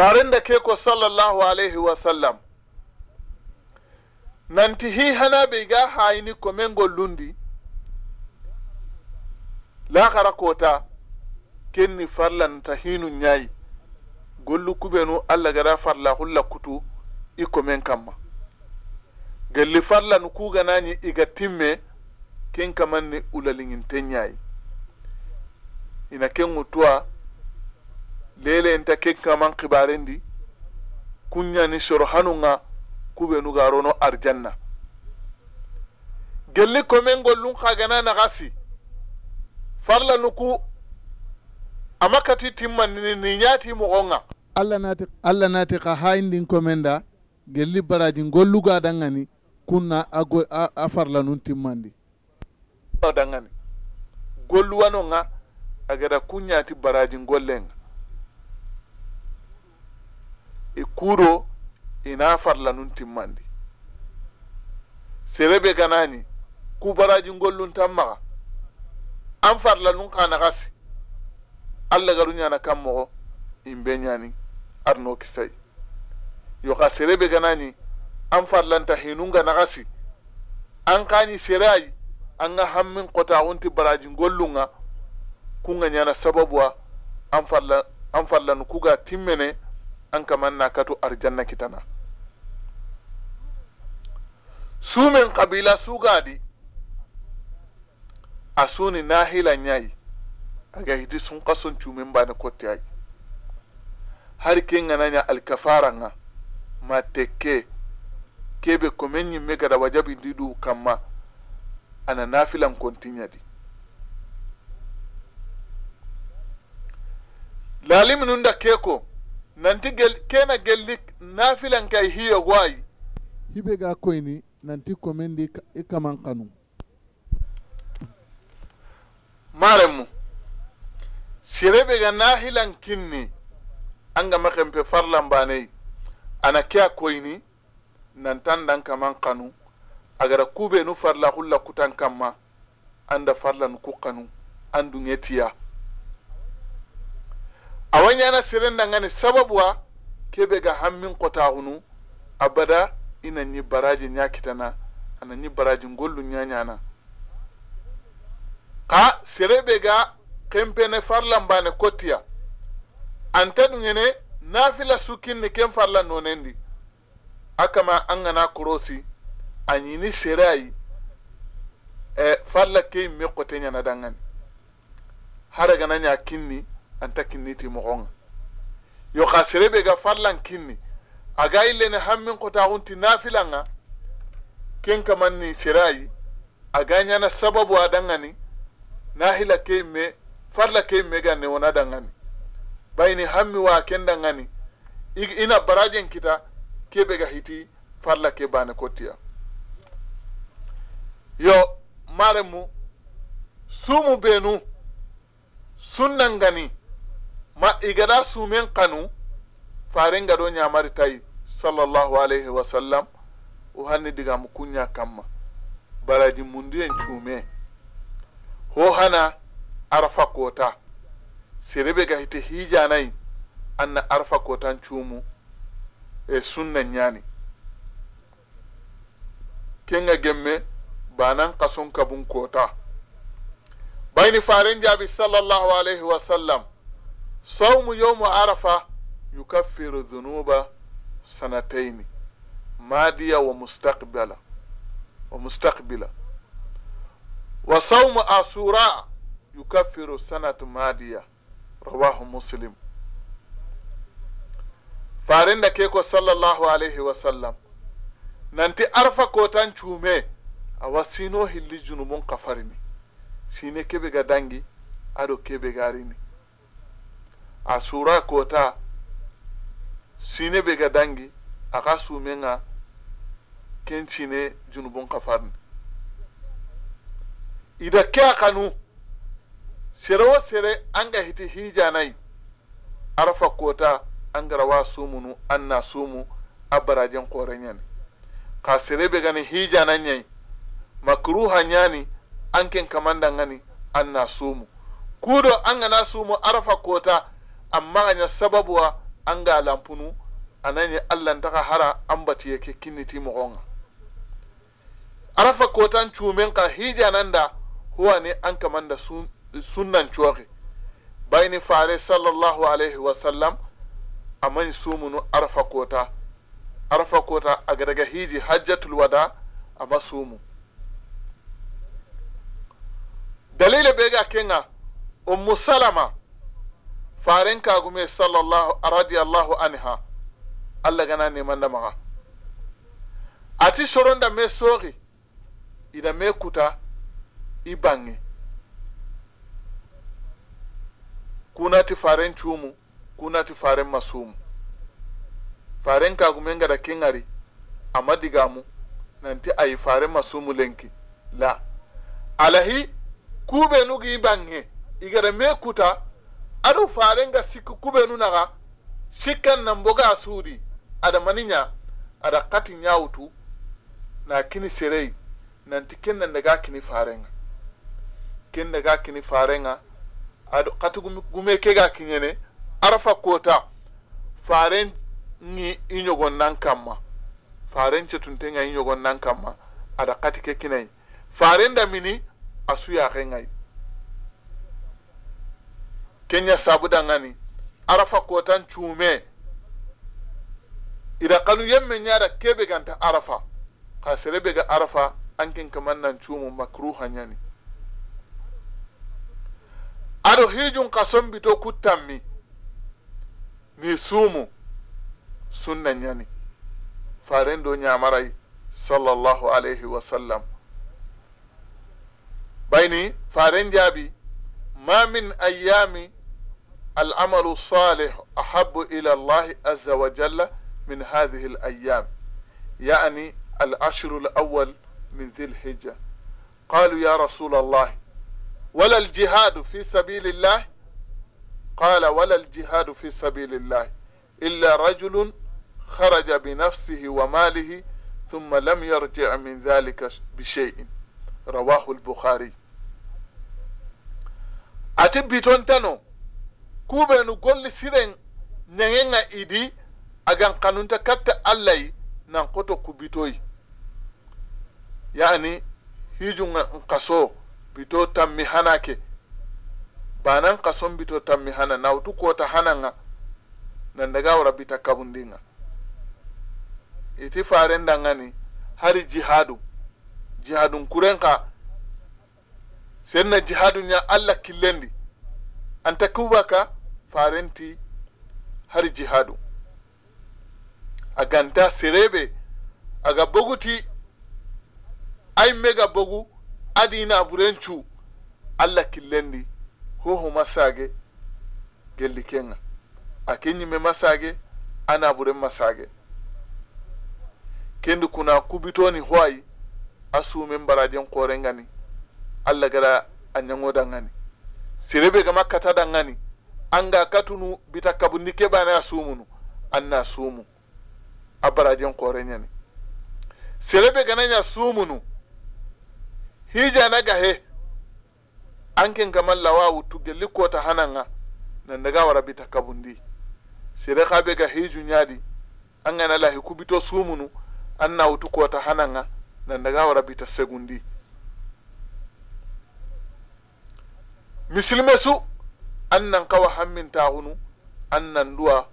farin da ke ko sallallahu alaihi wasallam ti hi hana bai ga haini ko men la lakara kota farlan farlanta hinu nyai gollu kubenu allah gara farla hulla kutu i ko men kamma gelli farlanu kuganañi iga timme ken kamanni ulaliŋinten ñayi ina ken mutua lelenta kekkaman kibarendi kunyani soro hanunga kubenu garono arjanna gelli komen gollun kagana nagasi farla nuku amma kati timmani ni ñaati mogonga allah naati ka hayindin komen da gelli baraji golluga dangani kunna ago a, a farla nun timmandi dangani golluwanonga agada kuñaati baraji gollenga e kuuɗo ina farla nun timmandi serebe ganani kubaraji gollun tan maxa an farla nun kana gasi allah garu ñana kan moxo in be ñani arno kisayi yo xa serebe ganani an farlanta hinunga naxasi an kani sere ayi an ga hammin qotaxunti baraji gollunga ga ñana sababuwa an farla an ku kuga timmene an kaman na kato arjanna kitana sumen kabila sugadi a suni nahilan yayi ga hidi sun kasun cumin bani kotti yayi har kin gananya alkafara nga ma tekke kebe komen yimme gada wajabi didu kamma ana nafilan kontinyadi lalimnun da keko nanti gel, kena gelli nafilan kai hiyo gwai hibe ga koyni nanti komendi ikaman e kanu maremu sirebe ga nahilan kinni an ga makempe farlan banai ana kya koyni nan tandan kaman kanu agara kube nu farla hulla kutan kamma anda farlan ku kanu an ngetiya sirin serenda ngani sababuwa kebe ga hammin kota hunu abada ina ni baraji nya kitana ana ni baraji gollu nya nyana ka bai ga ne farlan ne kotiya anta dungene nafila su kinni ken farlan nonendi akama an gana kurosi anyini serayi e eh, farla ke me kote nyana dangani hara gana nya kinni anta kinniti mogonga yo xa serebe ga farlan kinni aga illene hammin kotaxunti nafilanga ken kamanni serayi ga ɲana sababu a dangani nahila ke imme farla ke imme ganne wona dangani bayni hammi wa ken dangani ina barajen kita kebe ga hiti farla ke bane kottiya yo maremu sumu benu gani. ma igada sumen kanu gado ya mari tai sallallahu alaihi wa sallam o hanni mu kunya kamma baraji en chume ho hana arfa kota sirebe ga hite hijanayi anna arfa kotan chumu e sunna nyani kenga gemme banan kasun kabun kota bayni faren jabi sallallahu alaihi wa sallam saumu mu arafa yu yukaffiru dhunuba sanataini madiya wa mustaqbala wa mustaqbila wa saumu asura yukaffiru sanatu madiya rawahu muslim da ke ko sallallahu alaihi wa wasallam nanti arfa kotan cuume awa sino hilli junubun kafarini sine kebe ga dangi ado kebe garini a sura kota sine be ga dangi a ka nga ga cine junubun kafarni ida ke a kanu sere wo sere an ga hiti hijanai arafa kota an garawa sumunu an na sumu a barajen koren yani ka sere be gani hijanan yai makruha nyani an ken kamanda ngani an na sumu kudo an gana sumu arafa kota amma ganya sababuwa an ga lampunu anan ya Allah ta hara an bati yake kiniti mugonga arafa kotan cumen ka hija nan da huwa ne an kaman da sunnan cuwaki bayni fare sallallahu alaihi wasallam aman sumunu arafa kota arafa kota a daga hiji hajjatul wada a masumu bai bega kenga ummu salama faren kagume sallallahu radiyallahu anha allah gana neman da a ti shirin da me sori idan me kuta i bange ti faren cumu ti faren masumu faren kagume da kingari nan ti a yi faren masumu lenki la alahi kube nugi i bange igara me kuta aɗo farenga sikku kuɓenu naxa sikkan nan boga suudi aɗa maniña aɗa kati ñawtu na kini serei nanti ken nan daga kini farenga ken daga kini farenga aɗo kati gume kega kiñene arafa kota faren ni i ɲogon nan kanma faren cetuntenga i ɲogon nan kanma aɗa kati ke kinayi faren damini a suyaxengayi kenya sabu dangani arafa kotan cume ida kanu yemme nyada kebe ganta arafa ka serebe ga arafa ankin kaman nan cumu makruha nyani ado hijun ka sombito kuttanmi ni sumu sunna nyani farendo nyamarai sallallahu alaihi wasallam bayni farendi abi ma min ayami العمل الصالح أحب إلى الله عز وجل من هذه الأيام يعني العشر الأول من ذي الحجة قالوا يا رسول الله ولا الجهاد في سبيل الله قال ولا الجهاد في سبيل الله إلا رجل خرج بنفسه وماله ثم لم يرجع من ذلك بشيء رواه البخاري أتبتون تنو ku golli siren ñeŋenga idi agan kanunta katta allayi nan koto kubitoyi yani hijunga nkaso bito tammi hana ke banan kason bito tammi hana nawtu kota hananga nan daga wara bita kabundinga iti farendangani hari jihadu jihadun kurenka senna jihadu nya killendi anta kubaka har jihadu a ganta sirebe a ga boguti ai mega bogu adina burencu allah killendi hoho masage gelli kenga a kenyime masage ana buren masage kendi kuna kubitoni hwayi a barajen koren gani allah gara a nyango dangani sirebe ga makkata dangani anga katunu bita kabundi ke bana sumunu anna sumu abarajen kore nyani selebe gananya sumunu hija na gahe anken gamal lawawu tugelli kota hananga na daga wara bita kabundi sere be ga hiju nyadi an gana lahi kubito sumunu an na wutu kota hananga nan daga wara bita segundi misilme su annan kawa hammin ta an annan duwa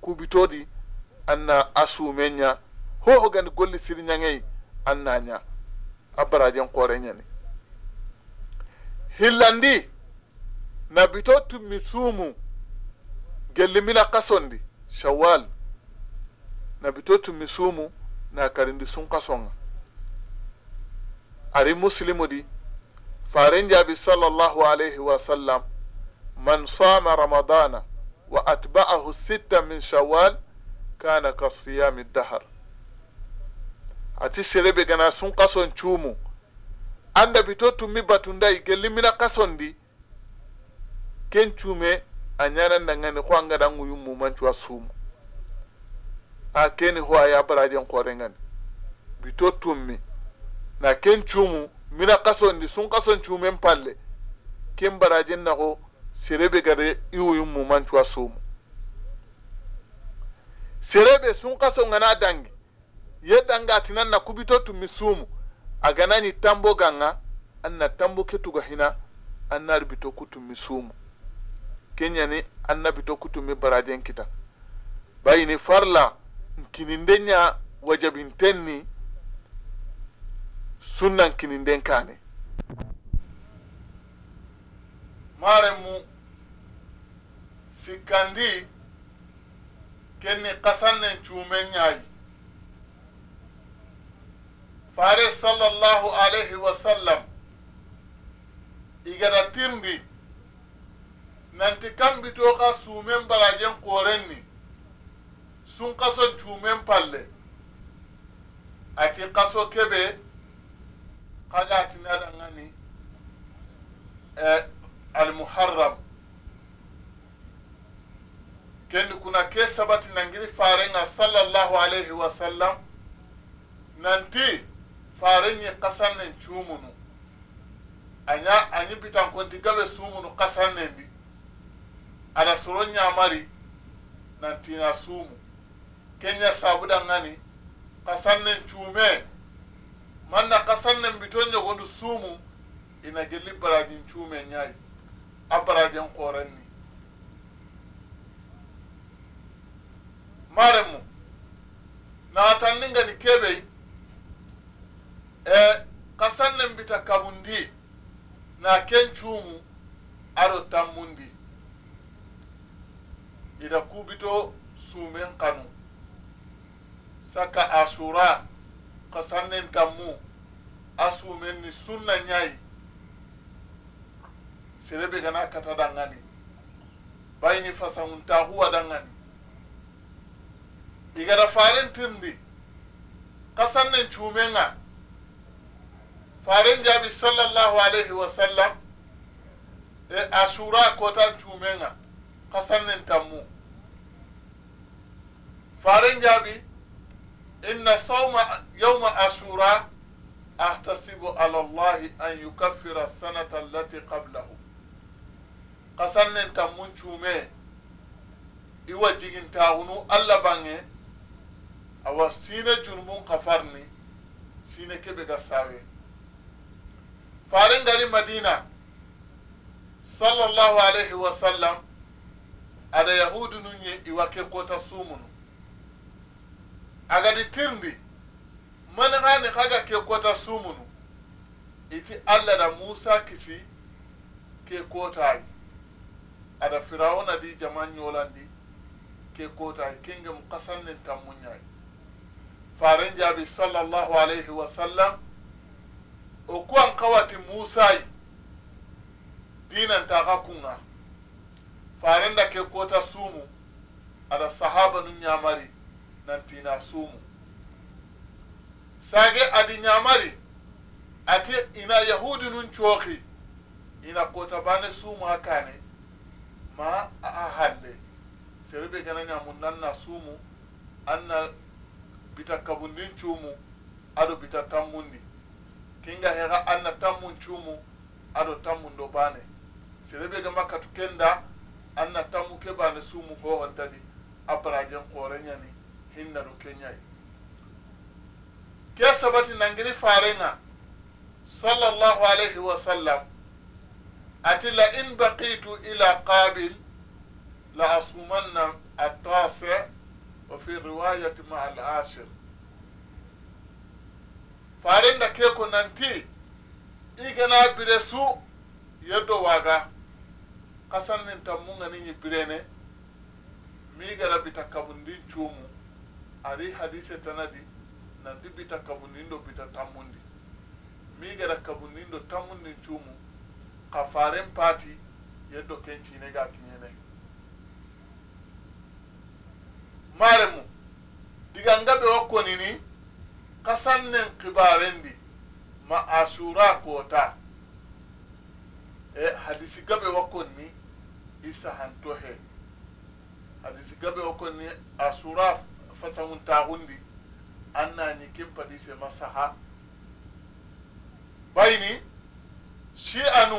kubitodi anna asumenya ho hogandi golli na nya a barajen ne. hillandi na bito tummi suumu kason kasondi shawal na bito tu misumu na karindi sun kasonga ari muslimu di faren jaabi sallallahu alaihi wa sallam. man sama ramadana wa atba'ahu sita min shawwal kana ka siyami dahar ati serebe gana sun kason cumu anda bito tummi batundai gellimina kasondi ken cume a ñanan dangani ko anga dan uyum mumancuwa sumu a keni ho a yabarajen korengani bito tummi na ken cumu mina kasondi sun kason cumen palle ken barajen serebe be gade iwoyin mumancuwa somu sere serebe sun kaso ngana dangi ye danga tinan na kubito tu sumu a ganani tambo ganga an na tambo ketuga hina an na rubito kutumi kenya kenyani an na bito mi barajen kita bayini farla kinindenya ya wajabinten ni sunnan kininden kane mu sikkandi kenni kasannen cuumen ñaayi faare sallallahu alaihi wa sallam igata tirndi nanti to ka suumen barajen koren ni sun kaso cuumen palle ati kaso keɓe kaga atinadangani eh, almuharram kendi kuna ke sabati nangiri farenga sallallahu alaihi wasallam nanti farenye kasannen cumunu anya anyi bitankonti gabe sumunu ndi ada soro ñamari nantina sumu kenya ngani kasannen cume manna kasannen bito ñogondu sumu ina gelli barajin cume ñayi a barajen maremu natanninga ni keɓey e kasanne mbita kabundi na ken cuumu aɗo tammundi ida kubito suumen kanu sakka asura kasannen tammu a suumen ni sunna ñayi serebe gana kata dangani bayni fasangunta huwa dangani igara faren tindi kasan nen cuumenga faren jabi sallallahu alaihi wa sallam e asura sura kotan cuumenga kasan nan tammu faren jabi inna sawma yawma asura ahtasibu ala allah an yukaffira sanata allati qablahu kasan nan tammun cuume iwa jigin jigintaaxunu allah bange awa sine kafar ne sine kebe ga sawe farin gari madina sallallahu alaihi a da yahudu nun ye iwa ke kota sumunu di tirndi man hani kaga ke kota sumunu iti allah da musa kisi ke da ada firawuna di jaman yolandi ke yi kinge mu kasannin tammunyayi faren jaabi sallallahu alayhi wa sallam o kuwan kawati musayi dinanta ka kunga faren da ke kota sumu ada sahaba nu ñamari nantina sumu sage adi ñamari ate ina yahudi nun cooxi ina kota bane sumu a kane ma a halle serebe gana nan na sumu an na bita kabundin cumu ado bita tammundi kinga hega anna tammun cumu ado tammun do bane serebe ga makkatu kenda anna tammu ke bane sumu hohon tadi a barajen koreñani hinna ɗo keñayi ke sabati nangiri farenga sallallahu alaihi wa sallam ati la in baqitu ila qabil la asumanna atase وفي رواية مع العاشر فارن كيكو ننتي إيغنا برسو يدو واغا قسن ننتمونا نيني miigara ميغرا بتكابندين cuumu ari حديثة تندي nanti bita kabundin do bita tammundi miigara kabundin do tammundin cuumu ka faren paati yeddo kencine ga faremu diganga ɓe wo konini kasannen kibarendi ma asura kota e hadisi gabe wo konni i sahanto he hadisi gabe wo konni asura fasanguntagundi an nani ken padise ma saha bayni shi anu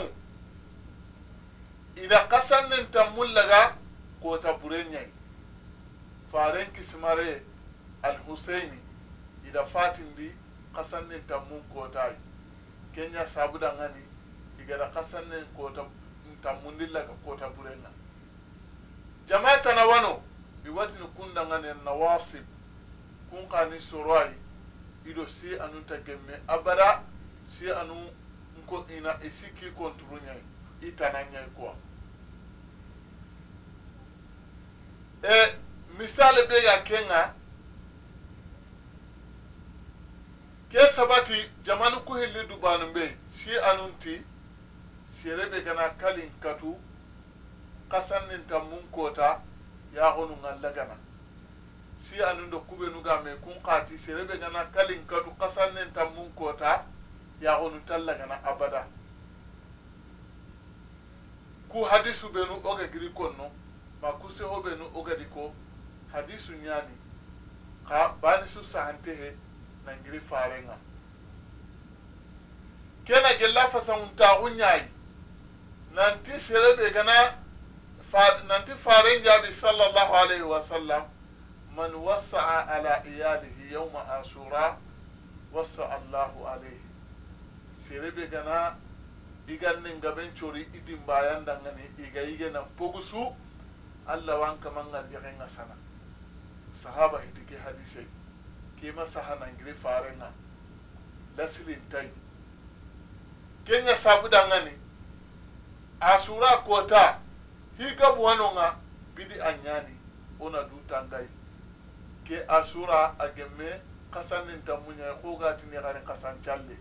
ina kasannen tammullaga kota bure ñayi faren kisimare alhuseini ida fatin di kasannin tammun kotayi kenya sabudangani igada kasannin kota tammundilla ka kota burenga jama'a tana wano bi kunda watini kundangani nawasib kun kani soroayi ido si anu ta gemme abada si anu nko ina isi ki konturu ñayi i tana ñayi kuwa e misali be ga ke ŋa ke sabati jamanu kuhilli dubanu be si anunti shere be gana kalin katu kasan kasanninta mun kota yaxonu ŋalla gana shi anun do kubenu ga me kun kati shere be gana kalin katu kasan kasanninta mun kota yaxonu talla gana abada ku hadisu benu oga giri konno ma ku seho benu oga di ko hadisu nyani ka bani su sahantehe nangiri farenga kena gella unta unyai nanti serebe gana nanti faren jaabi sallallahu alaihi wa sallam man wassa'a ala iyalihi yawma asura wassa allahu sere serebe gana nin gaben chori idin bayan dangane iga igena pogusu allah wang mangal yaxenga sana sahaba itike hadise kima sahanangiri farenga lasilintai kenya sabudangani asura kota higa buwanonga bidi anyani ona dutangai ke asura agemme kasaninta muña kogatini gani kasan calle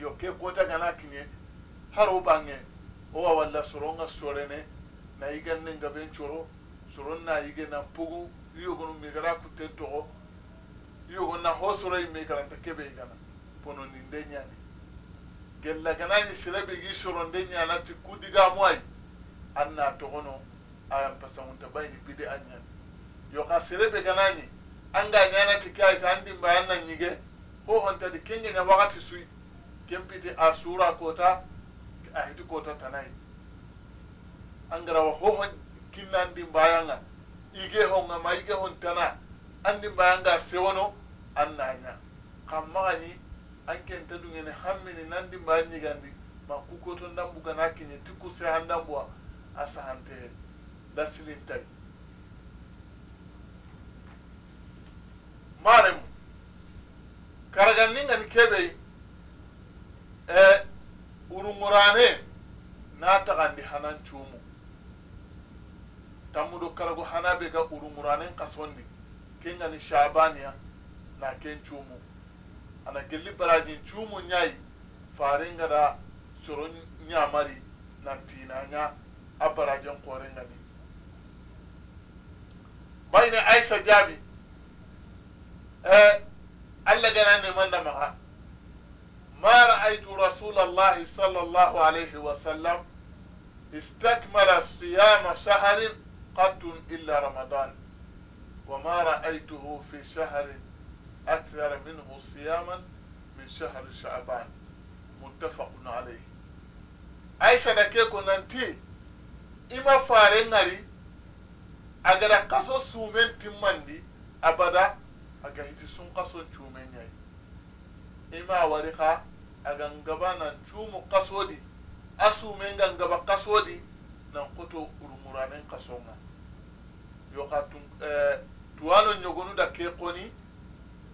yo ke kota gana kiñe haro bange owa walla sore sorene na yiganne ngaben coro soron na yige na pugu yogonu megara kute togo yogon na ho soro gara ta kebe gana pono ninde ñani gella ganani sirebe gi soronde ñanati kudigamu ay an na togono ayan pasangunta bayni bide an ñani yoka sirebe ganani anga ñanati ke ayta an dimba an na ñige ho ontadi na wakati suy kempiti a sura kota a hiti kota tanayi wa hohon kinnandi bayanga, ige honga ma ige hon tana bayanga mbayanga sewono annaña kam maxañi an kenta dungene hammini nandi mbaya ma kukoto ndambugana kiñe ti ku sehandambuwa a sahante da silintay maremu karaganni ngani keɓey e eh, urungurane na taxandi hanan cuumu tammudo karago hanabe ga urumuranen kasondi ken ni shabaniya na ken cumu ana gelli barajin cumu ñayi farenga da soro na tinanya a barajen korenga ni bayne aisha eh e allah ne manda da ma ra'aytu rasulallahi sal sallallahu alaihi wa sallam istakmala siyama shaharin قط إلا رمضان وما رأيته في شهر أكثر منه صياما من شهر شعبان متفق عليه أي صدقك ننتي إما فارن علي أجل قصو سومن تمندي أبدا أجل تسون قصو تومن ياي إما ورقا أجل غبانا توم قصو قصودي أسومن قصو دي نقطو أرمورانين قصونا yoka tun tuwalo ñogonu da ke koni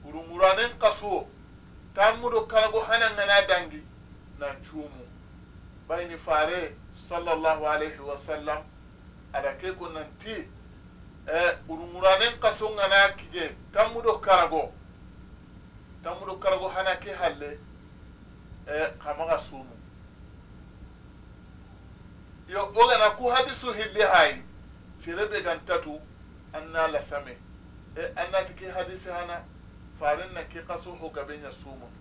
urumuranen kasuwo tammudo kalago ngana dangi nan cuumu bayni fare sallallahu alaihi wa sallam ada ke ko ti e urumuranen kaso ngana kije tammudo karago tammudo karago hana ke halle e kamaga sumu yo ogana ku hadisu hilli hayi sere gantatu anna tatu la same e an na hadisi hana farin na ke kaso ho gabe nya sumun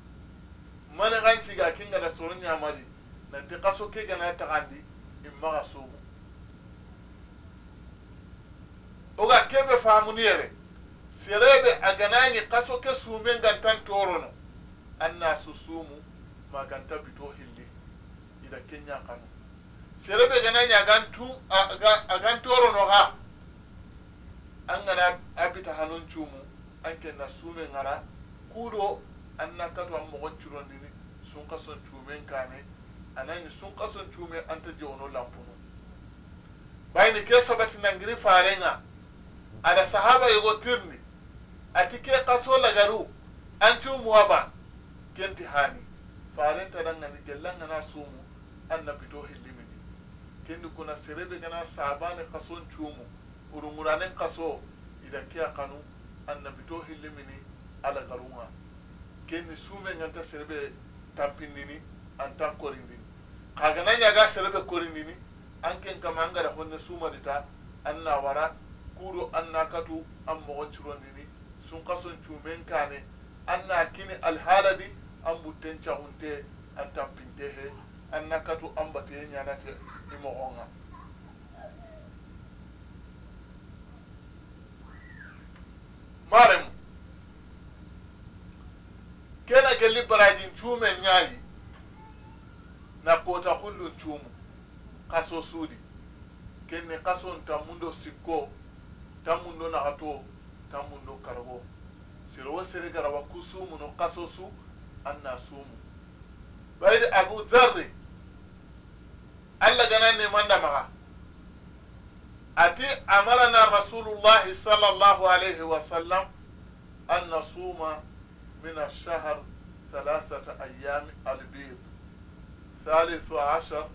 mana gan ga kinga da soron nya mari na te kaso ke gana ta gandi in ma sumun o ga ke be famu ni yere sere be a ganani kaso ke sumen gan tan torono anna na su sumu ma gan bito hilli ida kenya kanu serebe toro no ha an gana a bita hanun cumu an ken na sume ngara kudo an na katu an mogon cirondini sun kason cumen kane anani sun kason cume an ta jewono lampunu bayini ke sabati nangiri a da sahaba yogo tirni ati ke kaso lagaru an cumuwa ba kenti hani farenta gana su mu an na bito hin kendi kuna serebe gana sabane kason cumu urumuranen kaso ida kiya kanu to hillimini ala garunga kendi sume nganta serebe tampindini anta korindini kagana ñaga serebe korindini an ken kama an gara honne sumadita an anna wara kuro an na katu an mogon cirondini sun kason cumen kane an na kini alhaladi an butten cahunte an tampinte he an na katu an bateye te. imorgon. marem kena gelli baraji cuumen ñaayi na koota hullum cuumu kaso suudi kenne kason tammundo sikko tammundo naxato tammundo kargo sirowo seregarawa ku no kaso su an na suumu bayde abu dharre alla gananni manda أتي أمرنا رسول الله صلى الله عليه وسلم أن نصوم من الشهر ثلاثة أيام البيض ثالث عشر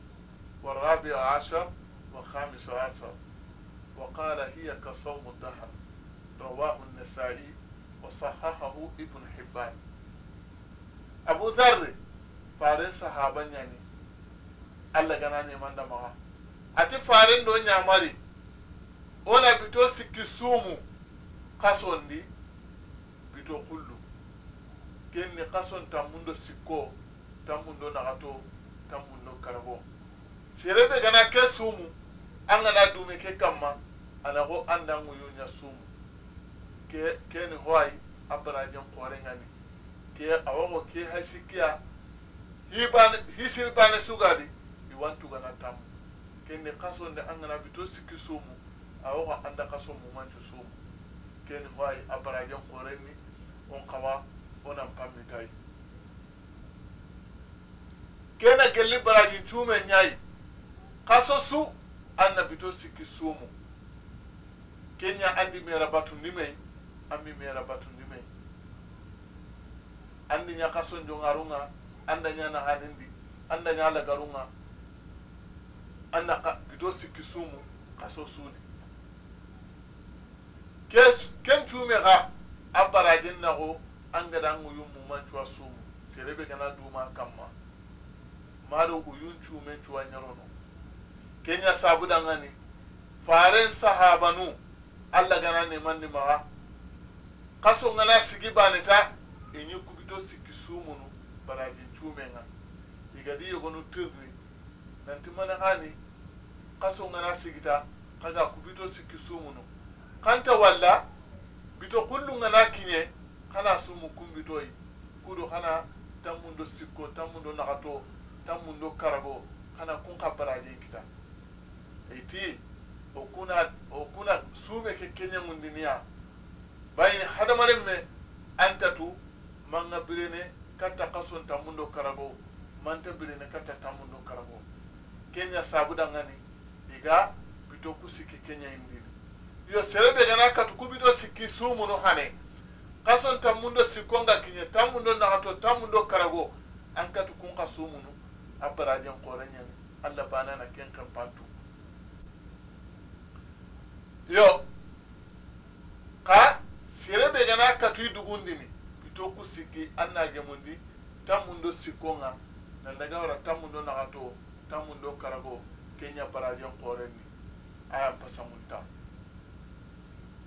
والرابع عشر والخامس عشر وقال هي كصوم الدهر رواه النسائي وصححه ابن حبان أبو ذر فارس صحابا يعني alla gana ñimanda maxa ati faren don ñamari wona bito sikki suumu kasondi bito kullu ken ni kason gana ke an gana dume ke ke ke ke hisir bane sugadi wattu gana tammu kende kasonde an gana bito sikki sumu awoxa anda kaso mumancu sumu keni ho ay a barajen xorenni on xawa onan pammitay kena gelli barajin chume ñayi kaso su an na bito siki sumu kenya andi mera batu nimei ami mera batu nimei andi nya kaso njongarunga anda na hanindi anda la lagarunga annaka gido sikki sumu kaso suudi ken cuume xa a barajin naxu an gada n uyun mumancuwa sumu serebe gana duma ma maɗo uyun cuumen cuwa ñarono kenya sabudangani faren sahabanu allah gana nemandi maxa kaso ngana sigi ta baneta iñi kugito sikki sumunu barajin cuumenga igadi yogonu tirni nanti mana hani kaso ngana sigita kaga kubito sikki sumunu kanta walla bito kullu ngana kinye kana sumu kumbitoyi kudo kana tammundo sikko tammundo nakato tammundo karabo kana kun ka baraje kita iti o kuna o kuna sume ke kenya mundiniya bayni hadamaren me antatu manga birene katta kason tammundo karabo manta birene katta tammundo karabo kenya sabu sabudangani iga bito ku sikki kenya indini yo serebe gana katu ku bito sikki sumunu hane kason tammundo sikkonga kiñe tammundo naxato tammundo karago an katu kun ka xa sumunu a barajen koreñani allah banana ken ken pantu yo xa serebe gana katui dugundini bito ku sikki an nagemundi tammundo sikkonga nandagawara tammundo naxato tamun do karago kenya barajin koren ni aya pasamunta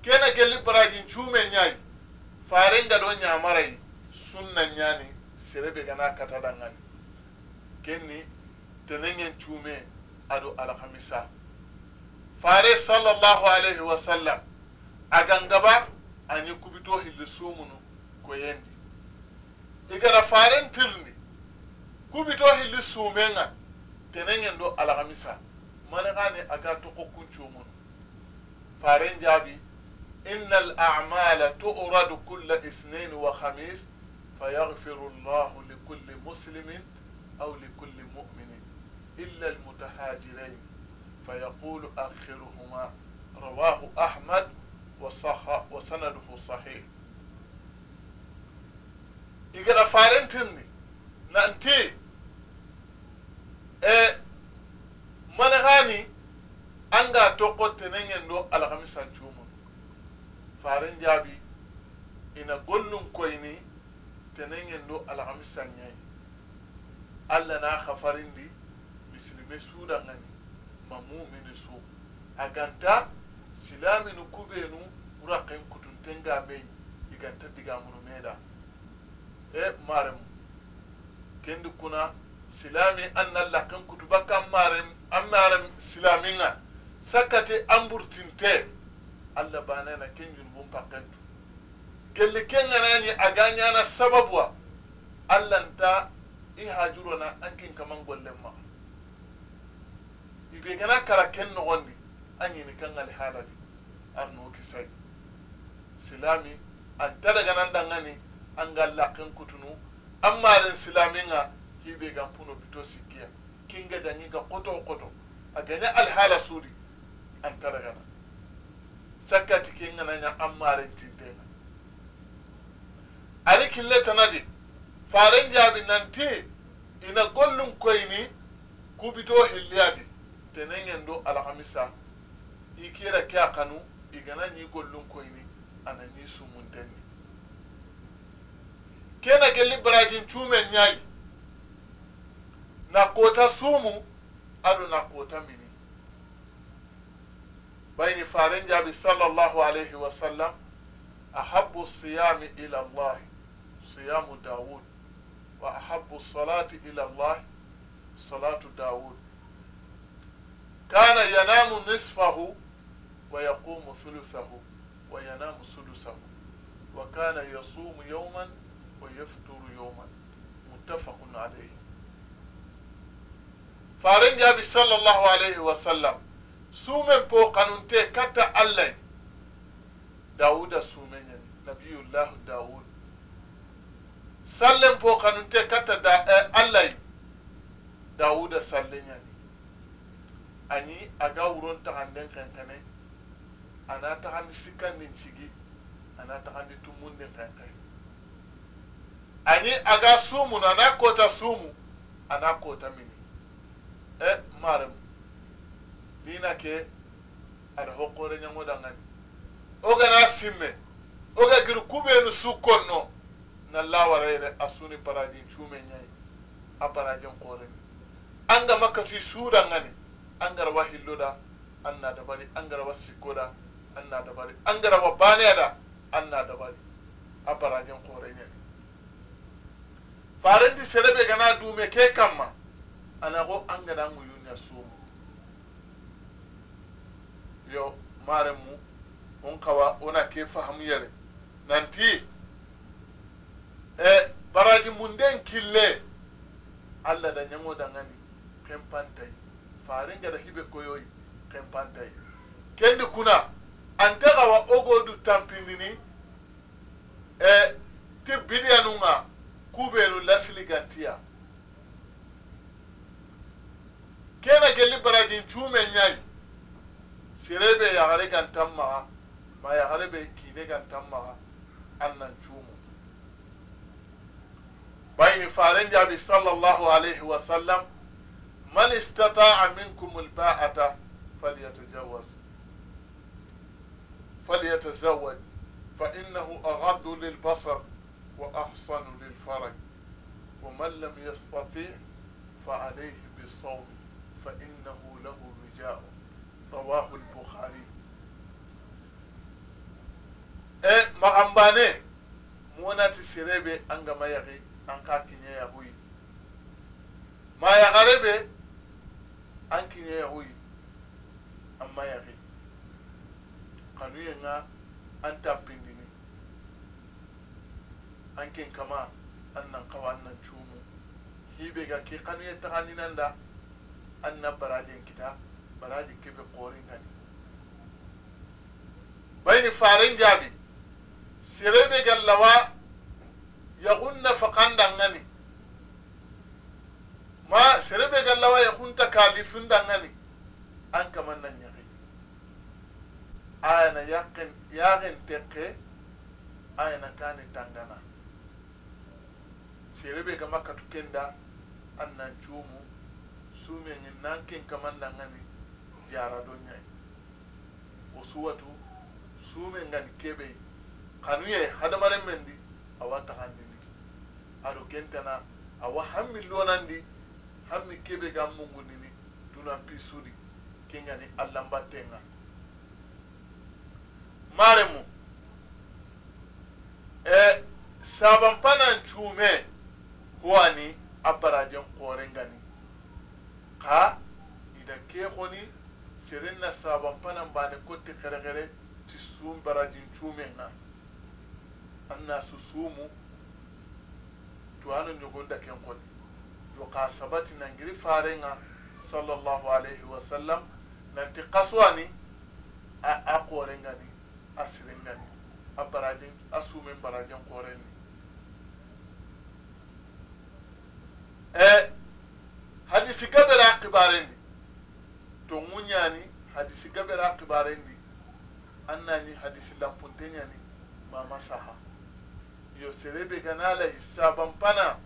kena gelli barajin cume ñayi farenga do yi sunna ñani serebe gana katadangani kenni tenengen cume ado alhamisa fare sallallahu alaihi wasallam a gangaba ani kubito hilli sumunu ko yendi igara faren tirni kubito hilli sumenga tenengen do alagamisa manegane aga toko kuncomun faren jaabi inna al'amala tu'radu kulla ithnain wa khamis fayaghfiru llahu likulli muslimin aw likulli mu'minin illa almutahajirain fayaqulu akhiruhuma rawahu ahmad وصح وسنده صحيح يقرا فارنتني نانتي e mana hani an ga toko tenengen do alhamisa cumun farin jaabi ina gollun koyni tenengen do alhamisa ñayi allah na hafarindi misilime suudangani ma mumini su a ganta silaminu kubenu wuraken kutuntenga ɓey iganta digamunu meeda e maremu kendi kuna silami anna lakin kutuba kammaren ammaren silaminga sakati amburtinte allah banana ken jurbun kakkentu gelle ken ganani aga na sababuwa allah nta i hajurona an kin kaman gollen ma ibe gana kara ken nogondi a ñini kan gali haladi arno sai silami anta daganan dangani an ga lakin kutunu ammaren silaminga hibe ga puno bito sikkiya kinga dañi ga koto koto a gane alhala suri an taragana sakkati ke ganaña an rikin ari kille tanadi faren jaabi te ina gollun gollum hiliya kubito hilliyadi tenengen yando alhamisa i kira ke a kanu i ganañi ni su mun sumuntenni kena gelli barajin cumen ñayi na kota sumu aɗo na kota mini bayni faren jaabi sallallahu alayhi wa sallam ahabu siyami ila allah siyamu daoud wa ahabu salati ila allah salatu daoud kana yanamu nisfahu wa yaqumu thuluthahu wa yanamu sulusahu wa kana yasumu yawman wa yafturu yawman muttafaqun alayhi faren jaabi sallallahu alayhi wa sallam sumen po kanunte kata allah dawuda sumeñen nabiyullahu daud sallen po kanunte kata da, eh, allah dawuda salleñani ani aga wuron taxanden kenkene ana taxandi sikkandin cigi ana taxandi tummundin kenkene ani aga sumun na kota sumu ana kota min e marim dina ke ada hokkore o gana simme ga gir kuɓenu sukkonno na lawara a suni paraji chume nyai a barajin koreni anga makkati suudangani angarawa hilloɗa an na dabari angarawa sikkoɗa an na dabari angarawa baneyaɗa an na dabari a barajin kore ñani farendi selebe gana dume ke kamma anago angada nguyunya sumu yo mare mu un kawa ona ke fahamu yere nanti e baraji mun den kille allah da da ngani ñango dangani kempantayi faringada hiɓe koyoyi kempantayi kendi kuna an ante kawa ogodu tampindini e eh, ti bidiyanunga kuɓenu lasili gantiya kena gelli barajin cumen ñayi serebe yahare gan tan maxa ma yahare be kiide gan tan maxa an nan cumu bayni faren jaabi sallallahu alayhi wa sallam man istataa minkum alba'ata falyatazawaj falyatazawaj fa innahu agaddu lilbasar wa ahsanu lilfaraj ومن لم يستطيع فعليه بالصوم فإنه له رجاء رواه البخاري e magambane monati sirebe anga mayagi anka kinye ya hui an kinye ya hui an mayagi kanuye an tappindini an kin kama an nan kawa an nan ga ke kanuye taganinan da anna barajen kita baraje kebe korin kadi bayni faren jaabi serebe gallawa yahunna fakandan gani ma serebe gallawa yahunta kalifindan gani an kaman nan yahi ayana yaken yaken tekke ayana kane tangana serebe ga makkatu kenda an nan cuumu sume ñin nan ken kamanda ngani jara do ñayi o suwatu sume ngani kebe kanuye hadamaren men di awa taxandini aɗo kentana awa hammi lonandi hammi kebe ga mungundini duna pisudi kengani allambattenga maremu e sabanpanan cuume ni a barajen korengani ka ida ke koni seren na sabon ba da kotu kare-kare ti sun barajin cuumen na an na su sumu suumu jogon da ken koni yau ka sabati giri fare na sallallahu alaihi wa nan ti kasuwa a, a koren gani a siren gani a barajin a sumin barajin koren ni eh, hadisi gabera kibarendi to ŋuñani hadisi gabera kibarendi an nani hadisi lampunte mama saha yo serebe ganala hisaban pana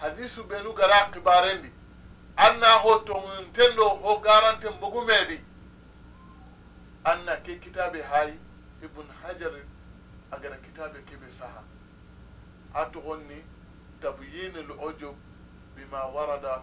hadisu benu gara kibarendi an na ho toŋinten do ho garanten bogumedi an na ke kitabe hayi ibun hajar a gana kitabe kebe saha a togon ni tabyinul ujub bima warada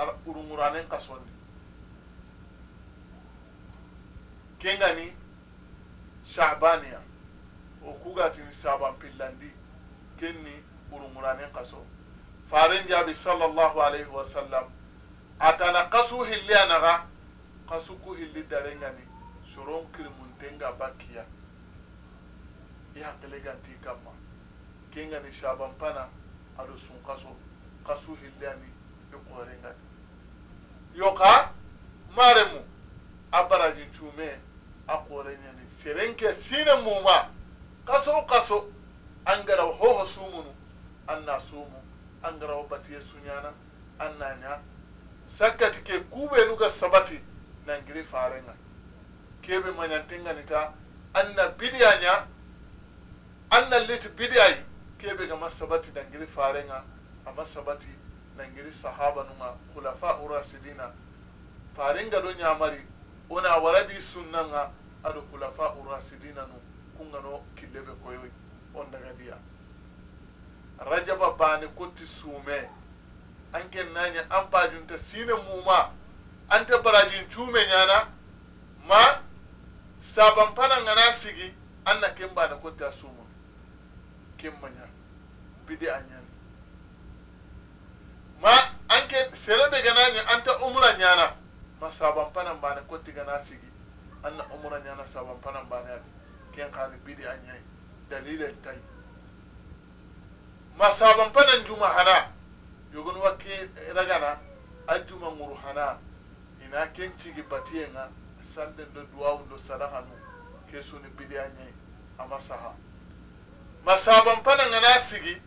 ar urunguranen kasondi kengani shabaniya o kugatin shaban pillandi ni urunguranen kaso faren jaabi sallallahu alaihi wasallam atana kasu hilli anaga kasu ku hilli darengani soron kirimuntenga bakiya, i hakkile ganti kamma kengani shaban pana aɗo sun kaso kasu hilli ani i qorengani yoka maremu a baraji tume a korenyani serenke sine muma kaso kaso an gara hoho sumunu an na sumu an gara batiye sunyana an na nya sakkati ke kube nuka sabati nangiri farenga kebe manyantinga nita an na bidiya nya an na liti bidiya yi kebe gama sabati nangiri farenga amma sabati langiri sahaba nunga khulafa urasidina paringa do ñamari wona waradi sunnanga aɗo khulafa urasidina nu no killeɓe koyoy on daga diya rajaba bani kotti suume an ken naña an pajunta sine muma ante barajin cuume ñana ma saban pana ngana sigi an na ken bani kotti a suuma ken bidi a ñana ma anke sere de gana an ta umra nyana ma saban panan ne kotti gana sigi na umra nyana saban panan bane ade ken xani bidi a yayi dalile tai ma saban panan juma hana yugun wakki ragana an juma muru hana ina ken cigi na sande do duwawu do sadaka nu ke suni bidi a yayi ama saha ma saban panan gana sigi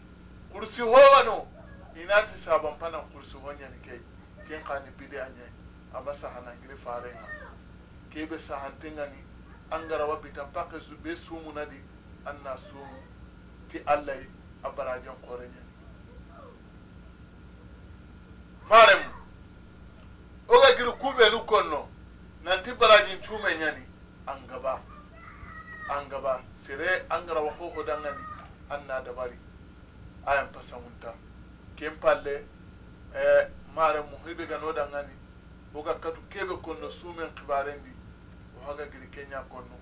kursi howano ina si sabon panan kursu wanyan kai kin kani bidi anye amma sahanan giri fare nga sahan tinga ni an garawa bitan pake su be sumu na di an na sumu ti allah yi a barajen kore ne marem oga giri kube lu konno ti barajin nya ni an gaba an gaba sire an garawa koko dangani an na dabari ayan fasamunta. ken palle eh, mare muhibe gano dangani oga katu kebe konno sumen kibarendi o haga giri kenya konno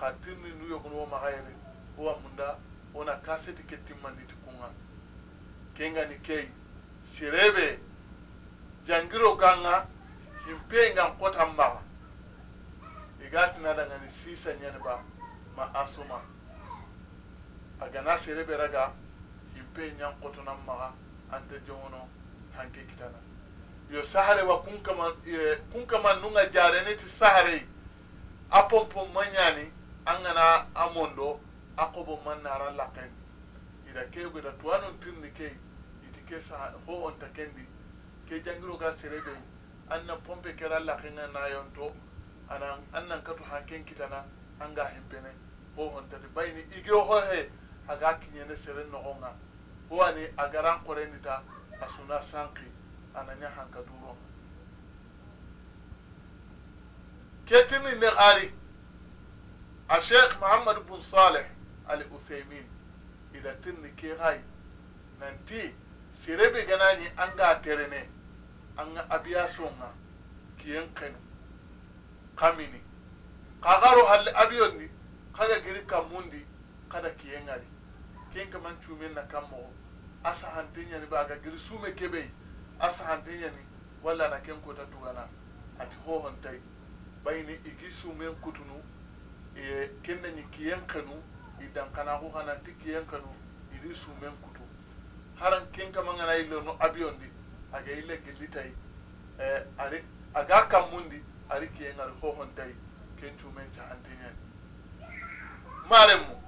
ka tirni nu yogunu wo maga yere owa munda ona kaseti ke timmanditi kunga kengani kei sirebe jangiro ganga himpe ngan kotan maga igatina dangani sisa nyani ba ma asuma agana sirebe raga himpe nyan kotonan maga anta jowono hanke kitana yo sahare wa kunkama kunkama nunga ne ti sahare a pompo manyani, an gana a mondo a kobo man nara lakeni ida ke goda tuwanon tirni ke iti ke saha ho onta kendi ke jangiro ga serebe an na pompe kera lakenga na ana an nan katu hanken kitana an ga hempene ho ontati bayni igiro hohe aga kiñene sere nogonga wani a garan ta a suna sanki a na ɲa hanka duro ketini ne ari a sheikh muhammad bin saleh al uthaymin ida ni ke hai bi sirebe ni an ga ne an ga abiya songa kiyen kanu kamini kagaro halli abiyon ni kaga giri kamundi kada kiyen ari kin kaman cumin na kan mɔgɔ asahantiñani baaga giri suume keɓey asahantiñani walla na ken kota dugana ati hohon tay bayni igi suumen kutunu e kennañi kiyen kenu i dankanaku hana ti kiyen kenu idi suumen kutu haran ken kamangana ille no abiyondi aga ille gilli tay e, ari aga kammundi ari kiyen ari hohon tay ken cuumen cahantiñani maremu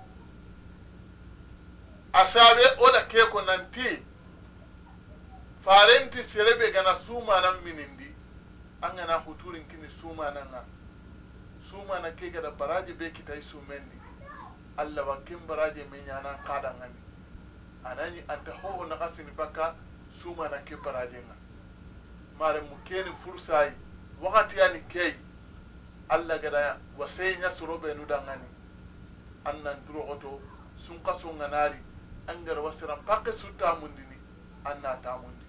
a asare oda keko ti farenti serebe gana sumanan minindi an gana huturin kini sumanan suma na ke gada baraji be kitai sumendi allah kin baraji me ñanan kadan gani anani anta hoho naxa sini suma na ke baraji nga mare mu ke ni fursayi wakati yani kei allah gada wasei ña soroɓenu dangani an nan hoto sun kaso nganari. angara wasiran pake su ta tamundini anna tamundi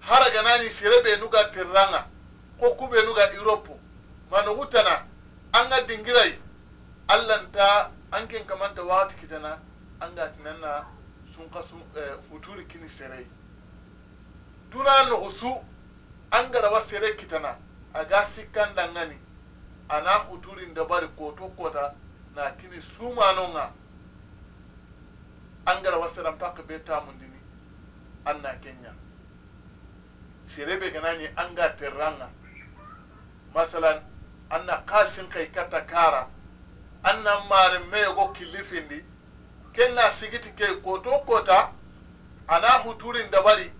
hara ganani bai nuga tiranga ko ku bai nuga europe manogutana an ga dingirai ta an ken kamanta wati kitana an ga tinanna sun kasu eh, futuri kini serai duna nugusu an garawa sere kitana a ga sikkan dangani ana futurin da bari koto kota na kini sumanonga bai ta pak be an na kenya serebe ganani anga terranga masalan na kashin kai kata kara yago mare ne kilifindi na sigiti ke koto kota ana huturin dabari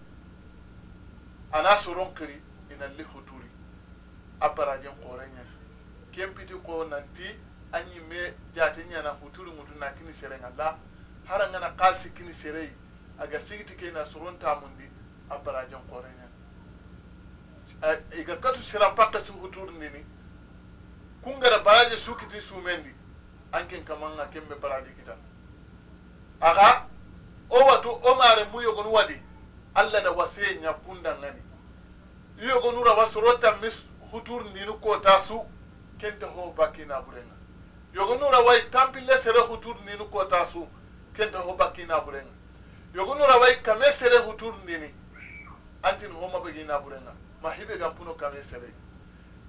ana surun kiri inalli huturi a ya korenya kempiti ko nanti anyi me jate nyana na kini nakini allah. hara ngana kal sikkini serei aga sigiti kena soron tamundi a barajan koreñan iga katu siran pakka su huturdini kungara baraje sukiti sumendi anken kamanga kembe baraje kita aga o watu o mare mu yogonu wadi allah da kunda wasiye ñappundangani yogonura wa sorota mis huturdini kota su kente ho bakkina burenga yogonura way tampille sere ko ta su kenta ho bakkina burenga yogunura wai kame sere ndini antin ho mabegina burenga ma hibe puno kame sere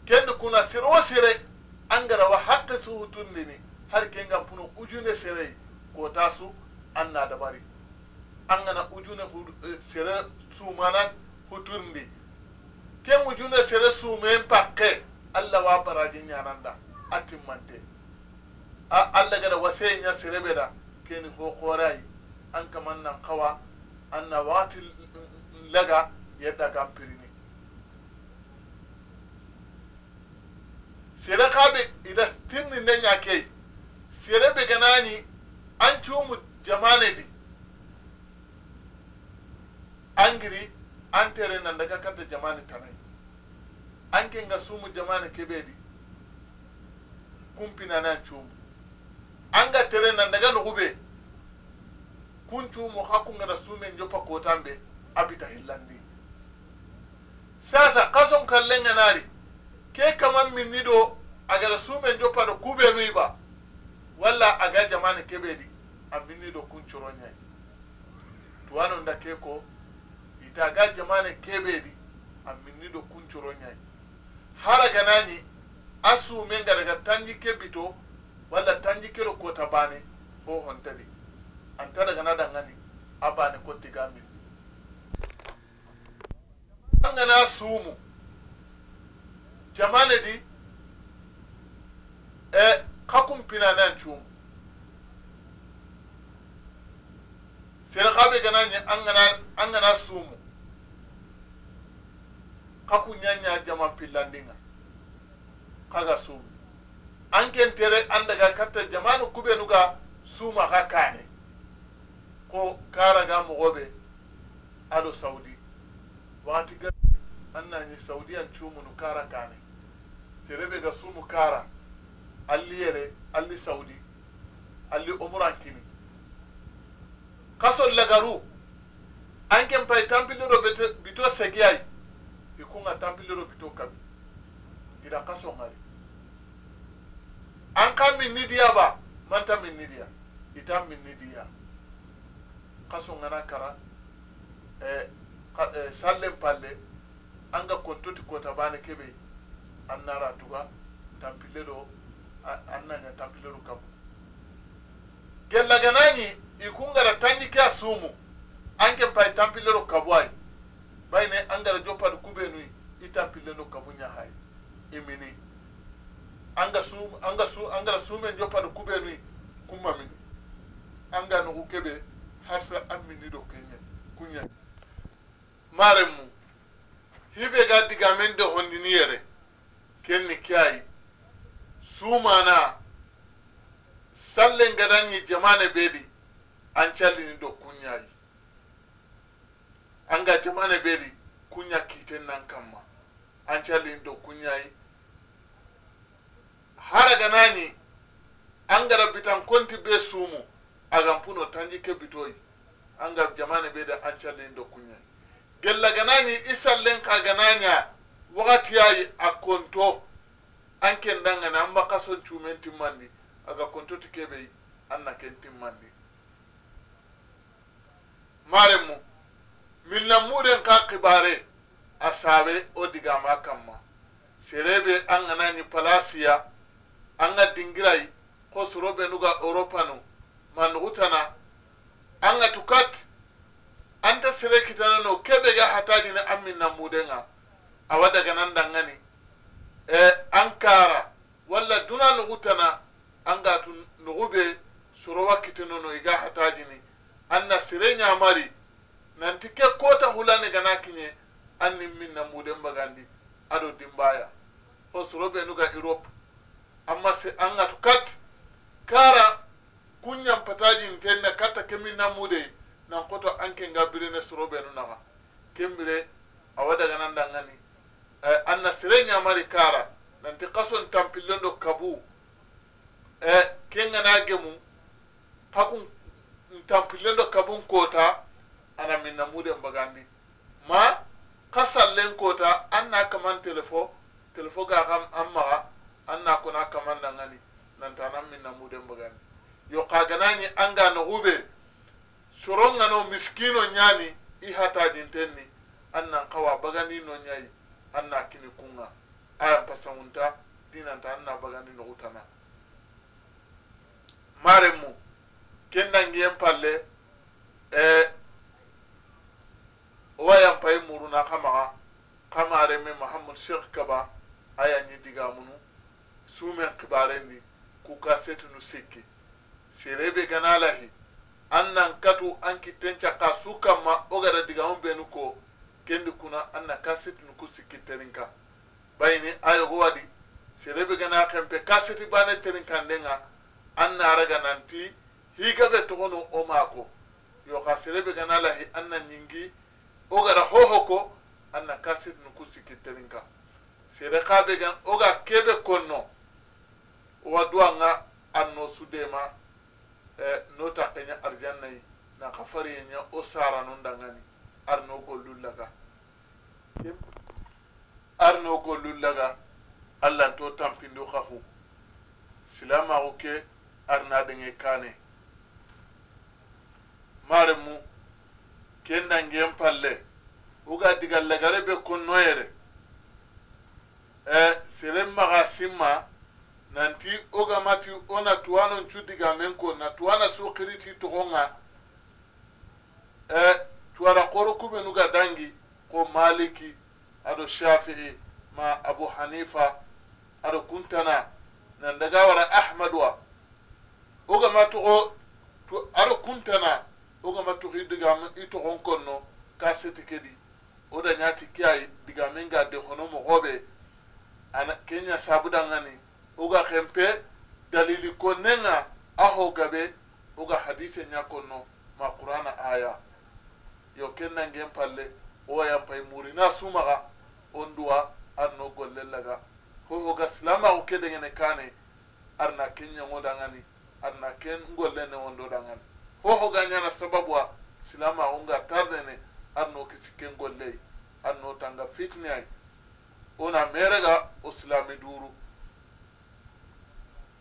kendo kuna sero sere angara wa hakke su ndini har ken puno ujune sere kota su anna dabari an gana ujune eh, sere sumana huturndi ken ujune sere men pakke allah wa baraji ñananda a timmante allah wase nya sere ɓe da keni go korayi an kaman nan kawa an na wati laga yadda kan pirini sere kabe ida tinni ne nyake sere be ganani an cumu jamane di an giri an tere nan daga kata jamane tanai an kinga sumu jamane kebedi kumpina nan cumu anga tere na daga nugu be kuntu mo hakkunga da sumen joppa ko be abita hillandi sasa kason kallenga nari ke kaman minni do agada sumen joppa do kubenuyi ba walla aga jamane keɓedi a minni do kuncuroñayi tuwanon da ke ko ita aga jamane keɓedi a minni do kuncuroñayi hara ganañi a sumen tanji kebito walla tanji kero kota bane o hontadi anta da dangani a bane kottiga min angana suumu jamane di e kakum pinane an cuumu serakaɓe gana ñe angana angana suumu kaku ñaña jama pillandinga kaga sumu. anken tere daga katta jamanu kubenuga haka ne ko karaga moxoɓe ado saudi waxati ga an ni saudi an cumunu kara kane terebe ga sumu kara alli yere alli saudi alli omurankini kaso lagaru anken pay tampilero bito segiyay ikunga tampilero bito kabi ida kaso ngari an ka min nidiya ba manta min nidiya ita min nidiya kaso ngana kara eh, eh, sallen palle an ga kontoti kota bane kebe an nara tuga tampille do an naña tampille do kabu gellaganañi i kungara tanñi ke a sumu an ken pay tampille do kabu ay bayne an gara joppadi kubenuyi i tampille do kabu ñahayi imini anga su anga su anga sumen yoppata kuɓe ni kumma min anga no ku keɓe har sa amminiɗo keña kuña maren mum hiɓe ga diga men de hondini yere kenni kiyayi sumana sallen gadanŋi jamane beedi an callini do kunɲayi anga ga jamane beedi kunɲa kiten nan kanma an callini do kunɲayi haraga an angara bitan konti be sumu agan puno tanji ke bitoyi anga jamane be da ancallen do kunya gella ganani isallen ka gananya wakati yayi a konto an ken dangana an baka son cumen timmandi aga konto ti kebe an na ken timmandi mu min lamuren ka kibare a sabe o digama kamma serebe an ni palasiya an ga dingirai ko sorobe nuga europa nu manugutana an ga tukat an ta sire kitana no kebe ga hataji na amin na mudenga awa daga nan dangani e an kara walla duna nugutana an ga tu nugube sorowa kitana no iga hataji ni an na sire nyamari nanti ke kota hulani gana kinye an ni min na muden bagandi ado dimbaya o sorobe nuga europe amma se an ŋatu kat kara kunɲan patajin tenna katta kemin namude nan koto an ken ga birene sorobenu naxa ken bire awa daganan dangani eh, an na sire nyamari kara nanti kason tampillen do kabu eh, ken gana gemu hakun tampillen do kabun kota ana min namuden mbagandi ma kasallen kota an na kaman telefo telefo ga amma na kuna kamar nan nanta nan min na muden bagani yo kaganani anga no ube soronga no miskino nyani i hata an nan kawa bagani no nyai na kini kunga ayan pasangunta dinanta na bagani no utana maremu kendangiyen palle eh, wa yan payi muruna kama kamare me muhammad sheikh kaba a yanñi digamunu sumen kibarendi kuka setunu sikki serebe gana lahi an nan katu an kitten caka su kanma wo gada digamu benu ko kendi kuna an na ka setunu ku sikki terin ka bayini ayogo wadi serebe gana kempe ka seti bane terin kanden ga an nara gananti higabe togonu wo mako yo ka serebe gana lahi an na ñingi wo gada hoho ko an na ka setunu ku sikki terin ka sere kabe gan wo ga kebe konno waduwanga anno sudema eh, no takkenya arjannayi na kafariyenya o saranun dangani arno gollul laga arno gollul laga allanto tampindo kafu silamaxu ke arna denge kane maremu ken dangen palle uga lagare be konnoyere eh, seren maxa simma nanti wo gamati wo na tuwanon cu digamen ko na tuwana su kiriti togonga e eh, tuwara koro kubenu ga dangi ko maliki ado shafi'i ma abu hanifa ado kuntana nan daga wara ahmadwa wo gama togo ado kuntana wo gama togo i digamen i togon konno ka seti kedi wo da ñati kiyayi digamen ga denhono mogoɓe ana kenya sabudangani uga xempe dalili konnenga a hogabe uga hadise ñakonno ma qur'ana aya yo ken nangen palle oyan pay murina sumaxa on duwa an no golle laga hohoga silamaxu ke dengene kane arna ken ñango dangani arna ken golle ne wondo dangani hohoga ñana sababuwa silamaxunga tardene arno kisi ken golley arno tanga fitne ay ona merega o silami duru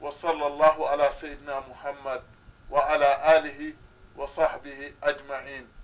وصلى الله على سيدنا محمد وعلى آله وصحبه أجمعين